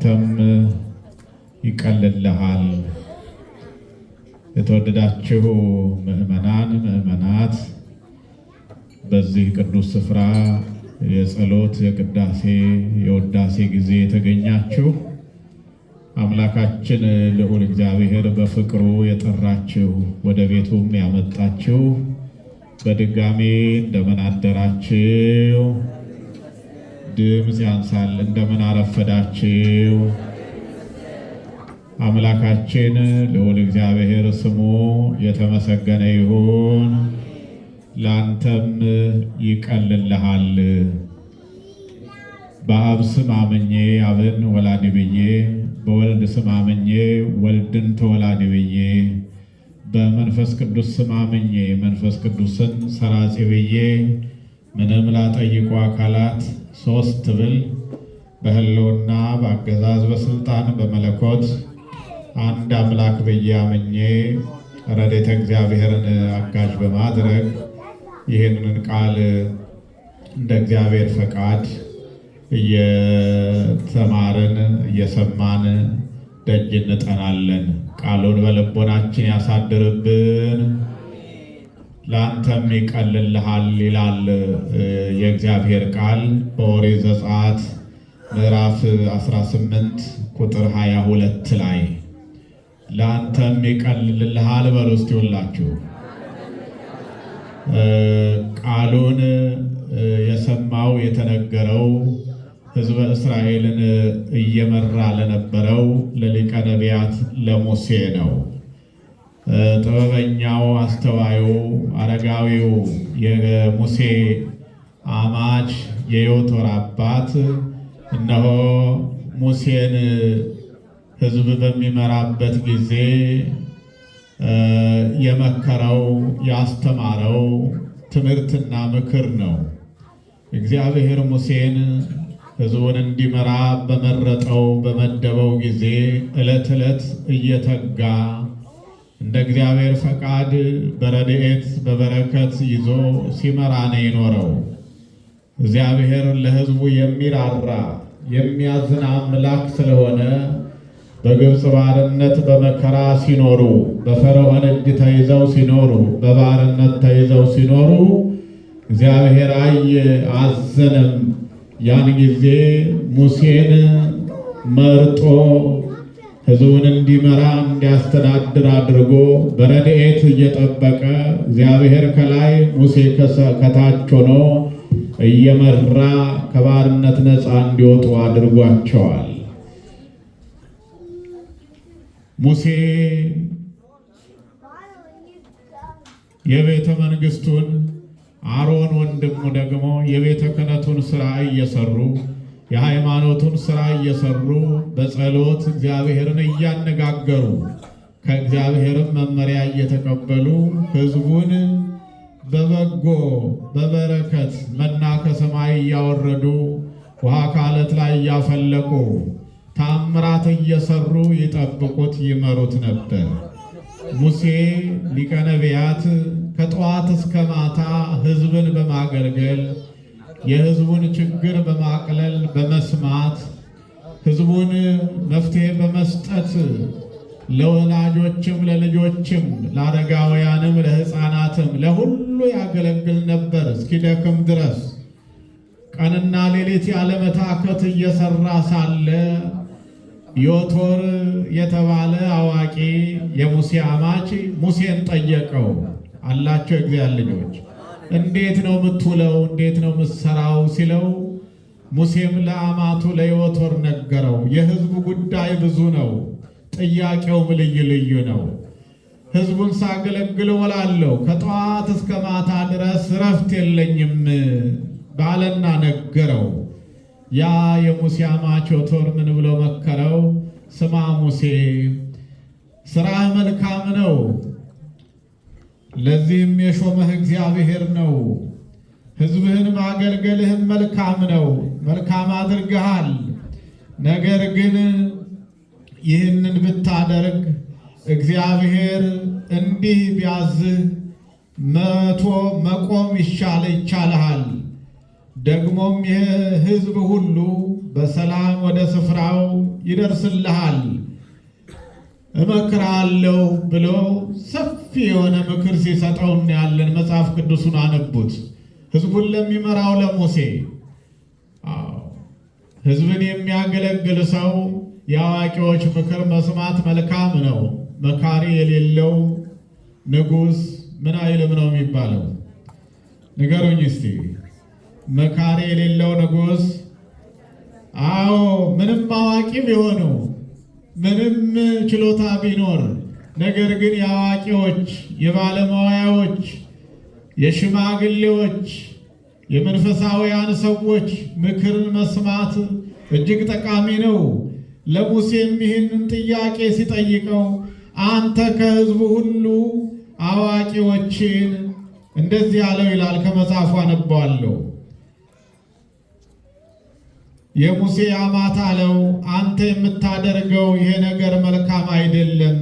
ለአንተም ይቀልልሃል። የተወደዳችሁ ምዕመናን፣ ምዕመናት በዚህ ቅዱስ ስፍራ የጸሎት የቅዳሴ የወዳሴ ጊዜ የተገኛችሁ አምላካችን ልዑል እግዚአብሔር በፍቅሩ የጠራችሁ ወደ ቤቱም ያመጣችሁ በድጋሜ እንደምን አደራችሁ። ድምፅ ያንሳል። እንደምን አረፈዳችው! አምላካችን ልዑል እግዚአብሔር ስሙ የተመሰገነ ይሁን። ለአንተም ይቀልልሃል። በአብ ስም አምኜ አብን ወላድ ብዬ፣ በወልድ ስም አምኜ ወልድን ተወላድ ብዬ፣ በመንፈስ ቅዱስ ስም አምኜ መንፈስ ቅዱስን ሰራጺ ብዬ መደብላ ጠይቁ አካላት ሶስት ብል በህልውና በአገዛዝ በስልጣን በመለኮት አንድ አምላክ ብዬ አምኜ ረድኤተ እግዚአብሔርን አጋዥ በማድረግ ይህንን ቃል እንደ እግዚአብሔር ፈቃድ እየተማርን እየሰማን ደጅ እንጠናለን። ቃሉን በልቦናችን ያሳድርብን። ለአንተም ይቀልልሃል ይላል የእግዚአብሔር ቃል በኦሪት ዘጸአት ምዕራፍ 18 ቁጥር 22 ላይ ለአንተም ይቀልልልሃል። በሉ እስቲ ሁላችሁ ቃሉን የሰማው የተነገረው ሕዝበ እስራኤልን እየመራ ለነበረው ለሊቀ ነቢያት ለሙሴ ነው። ጥበበኛው፣ አስተዋዩ፣ አረጋዊው፣ የሙሴ አማች፣ የዮቶር አባት እነሆ ሙሴን ሕዝብ በሚመራበት ጊዜ የመከረው ያስተማረው ትምህርትና ምክር ነው። እግዚአብሔር ሙሴን ሕዝቡን እንዲመራ በመረጠው በመደበው ጊዜ ዕለት ዕለት እየተጋ እንደ እግዚአብሔር ፈቃድ በረድኤት በበረከት ይዞ ሲመራን ይኖረው። እግዚአብሔር ለሕዝቡ የሚራራ የሚያዝን አምላክ ስለሆነ በግብፅ ባርነት በመከራ ሲኖሩ፣ በፈርዖን እጅ ተይዘው ሲኖሩ፣ በባርነት ተይዘው ሲኖሩ እግዚአብሔር አየ አዘነም። ያን ጊዜ ሙሴን መርጦ ሕዝቡን እንዲመራ እንዲያስተዳድር አድርጎ በረድኤት እየጠበቀ እግዚአብሔር ከላይ ሙሴ ከታች ሆኖ እየመራ ከባርነት ነፃ እንዲወጡ አድርጓቸዋል። ሙሴ የቤተ መንግስቱን፣ አሮን ወንድሙ ደግሞ የቤተ ክህነቱን ስራ እየሰሩ የሃይማኖቱን ሥራ እየሰሩ በጸሎት እግዚአብሔርን እያነጋገሩ ከእግዚአብሔርም መመሪያ እየተቀበሉ ሕዝቡን በበጎ በበረከት መና ከሰማይ እያወረዱ ውሃ ከዓለት ላይ እያፈለቁ ታምራት እየሰሩ ይጠብቁት ይመሩት ነበር። ሙሴ ሊቀ ነቢያት ከጠዋት እስከ ማታ ሕዝብን በማገልገል የህዝቡን ችግር በማቅለል በመስማት ህዝቡን መፍትሄ በመስጠት ለወላጆችም ለልጆችም ለአረጋውያንም ለህፃናትም ለሁሉ ያገለግል ነበር እስኪደክም ድረስ። ቀንና ሌሊት ያለመታከት እየሰራ ሳለ ዮቶር የተባለ አዋቂ የሙሴ አማች ሙሴን ጠየቀው አላቸው እግዚአብሔር ልጆች እንዴት ነው የምትውለው? እንዴት ነው የምትሰራው? ሲለው ሙሴም ለአማቱ ለዮቶር ነገረው። የህዝቡ ጉዳይ ብዙ ነው፣ ጥያቄውም ልዩ ልዩ ነው። ህዝቡን ሳገለግል እውላለሁ፣ ከጠዋት እስከ ማታ ድረስ ረፍት የለኝም ባለና ነገረው። ያ የሙሴ አማች ዮቶር ምን ብሎ መከረው? ስማ ሙሴ፣ ስራህ መልካም ነው ለዚህም የሾመህ እግዚአብሔር ነው። ሕዝብህን ማገልገልህም መልካም ነው፣ መልካም አድርገሃል። ነገር ግን ይህንን ብታደርግ እግዚአብሔር እንዲህ ቢያዝህ መቶ መቆም ይሻለ ይቻልሃል። ደግሞም ይህ ሕዝብ ሁሉ በሰላም ወደ ስፍራው ይደርስልሃል እመክራለሁ ብሎ ሰፊ ሰፊ የሆነ ምክር ሲሰጠው እናያለን። መጽሐፍ ቅዱሱን አነቡት። ህዝቡን ለሚመራው ለሙሴ ህዝብን የሚያገለግል ሰው የአዋቂዎች ምክር መስማት መልካም ነው፣ መካሪ የሌለው ንጉሥ ምን አይልም ነው የሚባለው? ንገሩኝ እስቲ። መካሪ የሌለው ንጉሥ። አዎ ምንም አዋቂ ቢሆኑ ምንም ችሎታ ቢኖር ነገር ግን የአዋቂዎች፣ የባለሙያዎች፣ የሽማግሌዎች፣ የመንፈሳውያን ሰዎች ምክርን መስማት እጅግ ጠቃሚ ነው። ለሙሴም ይህንን ጥያቄ ሲጠይቀው አንተ ከሕዝቡ ሁሉ አዋቂዎችን እንደዚህ ያለው ይላል። ከመጽሐፉ አነባዋለሁ። የሙሴ አማት አለው አንተ የምታደርገው ይሄ ነገር መልካም አይደለም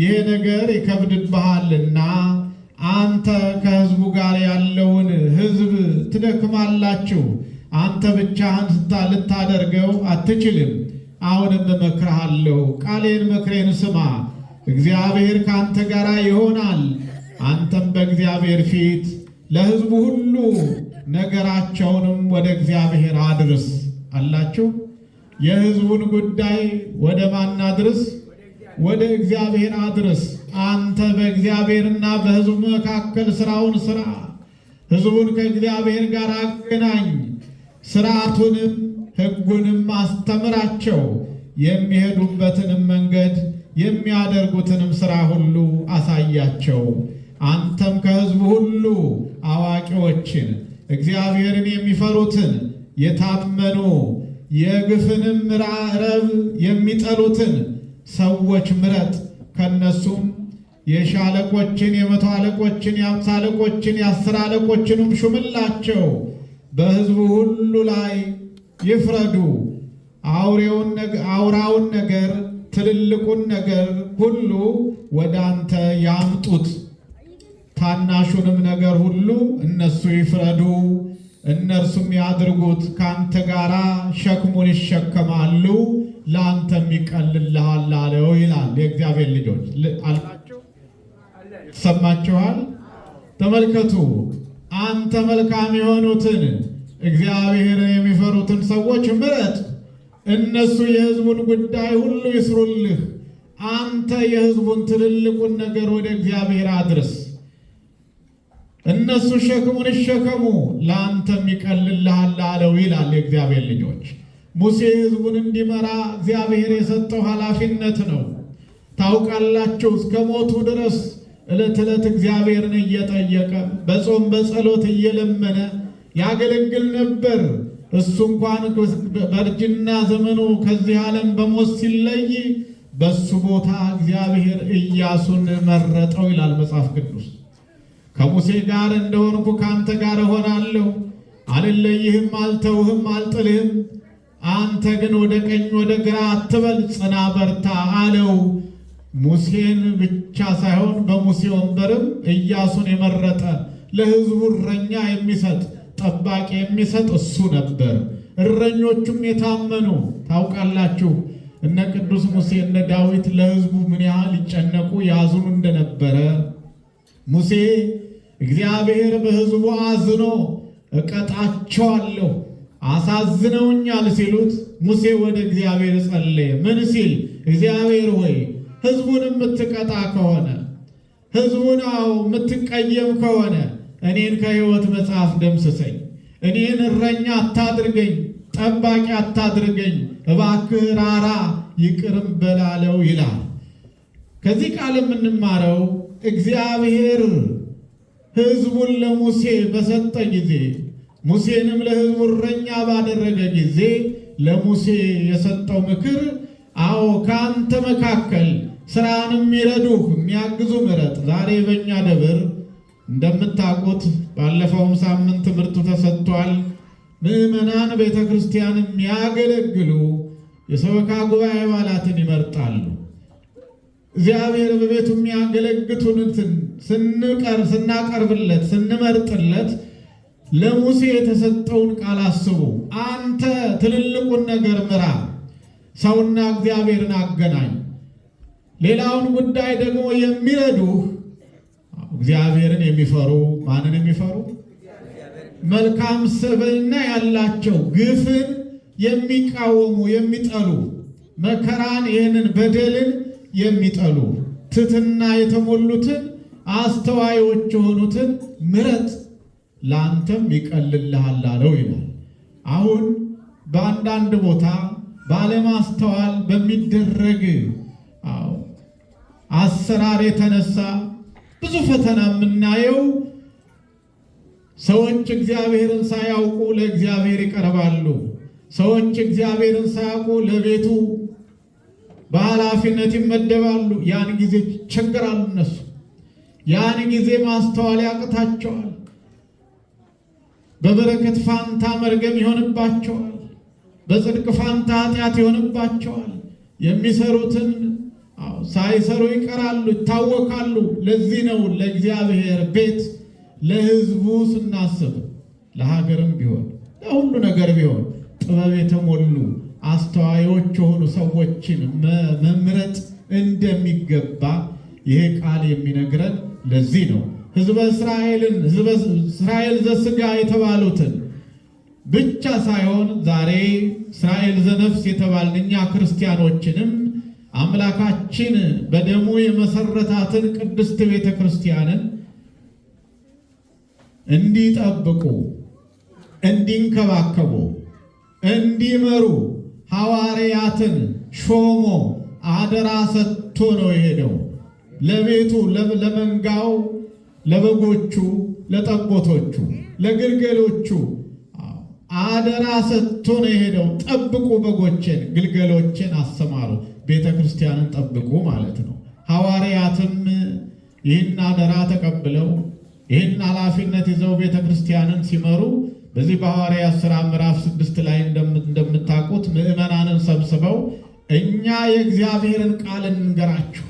ይሄ ነገር ይከብድብሃልና አንተ ከሕዝቡ ጋር ያለውን ሕዝብ ትደክማላችሁ፣ አንተ ብቻህን ልታደርገው አትችልም። አሁንም እመክርሃለሁ፣ ቃሌን ምክሬን ስማ። እግዚአብሔር ከአንተ ጋር ይሆናል። አንተም በእግዚአብሔር ፊት ለሕዝቡ ሁሉ ነገራቸውንም ወደ እግዚአብሔር አድርስ አላችሁ። የሕዝቡን ጉዳይ ወደ ማን አድርስ? ወደ እግዚአብሔር አድርስ። አንተ በእግዚአብሔርና በሕዝቡ መካከል ሥራውን ሥራ። ሕዝቡን ከእግዚአብሔር ጋር አገናኝ፣ ሥርዓቱንም ሕጉንም አስተምራቸው። የሚሄዱበትንም መንገድ የሚያደርጉትንም ሥራ ሁሉ አሳያቸው። አንተም ከሕዝቡ ሁሉ አዋቂዎችን እግዚአብሔርን የሚፈሩትን የታመኑ የግፍንም ረብ የሚጠሉትን ሰዎች ምረጥ፣ ከነሱም የሻለቆችን የመቶ አለቆችን የአምሳ አለቆችን የአስር አለቆችንም ሹምላቸው፣ በሕዝቡ ሁሉ ላይ ይፍረዱ። አውራውን ነገር ትልልቁን ነገር ሁሉ ወደ አንተ ያምጡት፣ ታናሹንም ነገር ሁሉ እነሱ ይፍረዱ። እነርሱም ያድርጉት። ከአንተ ጋር ሸክሙን ይሸከማሉ፣ ለአንተም ይቀልልሃል አለው ይላል። የእግዚአብሔር ልጆች ሰማቸዋል! ተመልከቱ። አንተ መልካም የሆኑትን እግዚአብሔርን የሚፈሩትን ሰዎች ምረጥ። እነሱ የሕዝቡን ጉዳይ ሁሉ ይስሩልህ። አንተ የሕዝቡን ትልልቁን ነገር ወደ እግዚአብሔር አድርስ። እነሱ ሸክሙን ይሸከሙ ለአንተም ይቀልልሃል አለው ይላል። የእግዚአብሔር ልጆች ሙሴ ህዝቡን እንዲመራ እግዚአብሔር የሰጠው ኃላፊነት ነው። ታውቃላችሁ እስከ ሞቱ ድረስ ዕለት ዕለት እግዚአብሔርን እየጠየቀ በጾም በጸሎት እየለመነ ያገለግል ነበር። እሱ እንኳን በእርጅና ዘመኑ ከዚህ ዓለም በሞት ሲለይ በሱ ቦታ እግዚአብሔር ኢያሱን መረጠው ይላል መጽሐፍ ቅዱስ። ከሙሴ ጋር እንደሆንኩ ከአንተ ጋር እሆናለሁ፣ አልለይህም፣ አልተውህም፣ አልጥልህም። አንተ ግን ወደ ቀኝ ወደ ግራ አትበል፣ ጽና፣ በርታ አለው። ሙሴን ብቻ ሳይሆን በሙሴ ወንበርም እያሱን የመረጠ ለሕዝቡ እረኛ የሚሰጥ ጠባቂ የሚሰጥ እሱ ነበር። እረኞቹም የታመኑ ታውቃላችሁ። እነ ቅዱስ ሙሴ እነ ዳዊት ለሕዝቡ ምን ያህል ይጨነቁ ያዝኑ እንደነበረ ሙሴ እግዚአብሔር በሕዝቡ አዝኖ እቀጣቸዋለሁ አሳዝነውኛል ሲሉት ሙሴ ወደ እግዚአብሔር ጸለየ። ምን ሲል? እግዚአብሔር ሆይ ሕዝቡን የምትቀጣ ከሆነ ሕዝቡን አው የምትቀየም ከሆነ እኔን ከሕይወት መጽሐፍ ደምስሰኝ፣ እኔን እረኛ አታድርገኝ፣ ጠባቂ አታድርገኝ፣ እባክህ ራራ፣ ይቅርም በላለው ይላል። ከዚህ ቃል የምንማረው እግዚአብሔር ሕዝቡን ለሙሴ በሰጠ ጊዜ ሙሴንም ለሕዝቡ እረኛ ባደረገ ጊዜ ለሙሴ የሰጠው ምክር አዎ ከአንተ መካከል ስራን የሚረዱህ የሚያግዙ ምረጥ። ዛሬ በእኛ ደብር እንደምታውቁት ባለፈውም ሳምንት ትምህርቱ ተሰጥቷል። ምዕመናን ቤተ ክርስቲያን የሚያገለግሉ የሰበካ ጉባኤ አባላትን ይመርጣሉ። እግዚአብሔር በቤቱ የሚያገለግቱንትን ስንቀር ስናቀርብለት ስንመርጥለት ለሙሴ የተሰጠውን ቃል አስቡ። አንተ ትልልቁን ነገር ምራ፣ ሰውና እግዚአብሔርን አገናኝ። ሌላውን ጉዳይ ደግሞ የሚረዱህ እግዚአብሔርን የሚፈሩ ማንን የሚፈሩ መልካም ስብዕና ያላቸው ግፍን የሚቃወሙ የሚጠሉ መከራን፣ ይህንን በደልን የሚጠሉ ትትና የተሞሉትን አስተዋዮች የሆኑትን ምረጥ ለአንተም ይቀልልሃል አለው ይላል። አሁን በአንዳንድ ቦታ ባለማስተዋል በሚደረግ አሰራር የተነሳ ብዙ ፈተና የምናየው ሰዎች እግዚአብሔርን ሳያውቁ ለእግዚአብሔር ይቀርባሉ። ሰዎች እግዚአብሔርን ሳያውቁ ለቤቱ በኃላፊነት ይመደባሉ። ያን ጊዜ ይቸገራሉ። እነሱ ያን ጊዜ ማስተዋል ያቅታቸዋል። በበረከት ፋንታ መርገም ይሆንባቸዋል። በጽድቅ ፋንታ ኃጢአት ይሆንባቸዋል። የሚሰሩትን ሳይሰሩ ይቀራሉ፣ ይታወካሉ። ለዚህ ነው ለእግዚአብሔር ቤት ለሕዝቡ ስናስብ ለሀገርም ቢሆን ለሁሉ ነገር ቢሆን ጥበብ የተሞሉ አስተዋዮች የሆኑ ሰዎችን መምረጥ እንደሚገባ ይሄ ቃል የሚነግረን ለዚህ ነው። ህዝበ እስራኤልን ህዝበ እስራኤል ዘስጋ የተባሉትን ብቻ ሳይሆን ዛሬ እስራኤል ዘነፍስ የተባልን እኛ ክርስቲያኖችንም አምላካችን በደሙ የመሰረታትን ቅድስት ቤተ ክርስቲያንን እንዲጠብቁ፣ እንዲንከባከቡ፣ እንዲመሩ ሐዋርያትን ሾሞ አደራ ሰጥቶ ነው የሄደው። ለቤቱ ለመንጋው፣ ለበጎቹ፣ ለጠቦቶቹ፣ ለግልገሎቹ አደራ ሰጥቶ ነው የሄደው። ጠብቁ በጎችን ግልገሎችን አሰማሩ። ቤተ ክርስቲያንን ጠብቁ ማለት ነው። ሐዋርያትም ይህን አደራ ተቀብለው ይህን ኃላፊነት ይዘው ቤተ ክርስቲያንን ሲመሩ በዚህ በሐዋርያት ሥራ ምዕራፍ ስድስት ላይ እንደምታውቁት ምዕመናንን ሰብስበው እኛ የእግዚአብሔርን ቃል እንንገራችሁ፣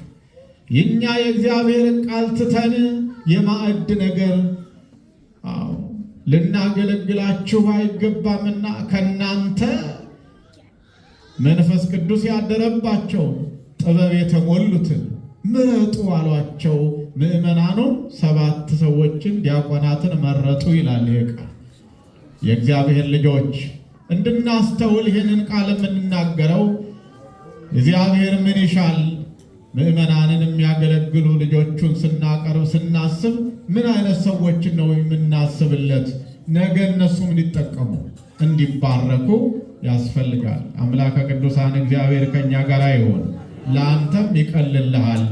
የእኛ የእግዚአብሔርን ቃል ትተን የማዕድ ነገር ልናገለግላችሁ አይገባምና ከእናንተ መንፈስ ቅዱስ ያደረባቸውን ጥበብ የተሞሉትን ምረጡ አሏቸው። ምዕመናኑ ሰባት ሰዎችን ዲያቆናትን መረጡ ይላል ይህ ቃል። የእግዚአብሔር ልጆች እንድናስተውል ይህንን ቃል የምንናገረው እግዚአብሔር ምን ይሻል ምእመናንን የሚያገለግሉ ልጆቹን ስናቀርብ ስናስብ ምን አይነት ሰዎችን ነው የምናስብለት? ነገ እነሱም እንዲጠቀሙ እንዲባረኩ ያስፈልጋል። አምላከ ቅዱሳን እግዚአብሔር ከኛ ጋር ይሆን፣ ለአንተም ይቀልልሃል።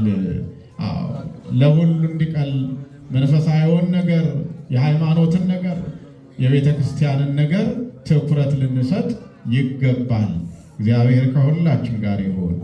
ለሁሉ እንዲቀል መንፈሳዊውን ነገር የሃይማኖትን ነገር የቤተ ክርስቲያንን ነገር ትኩረት ልንሰጥ ይገባል። እግዚአብሔር ከሁላችን ጋር ይሁን።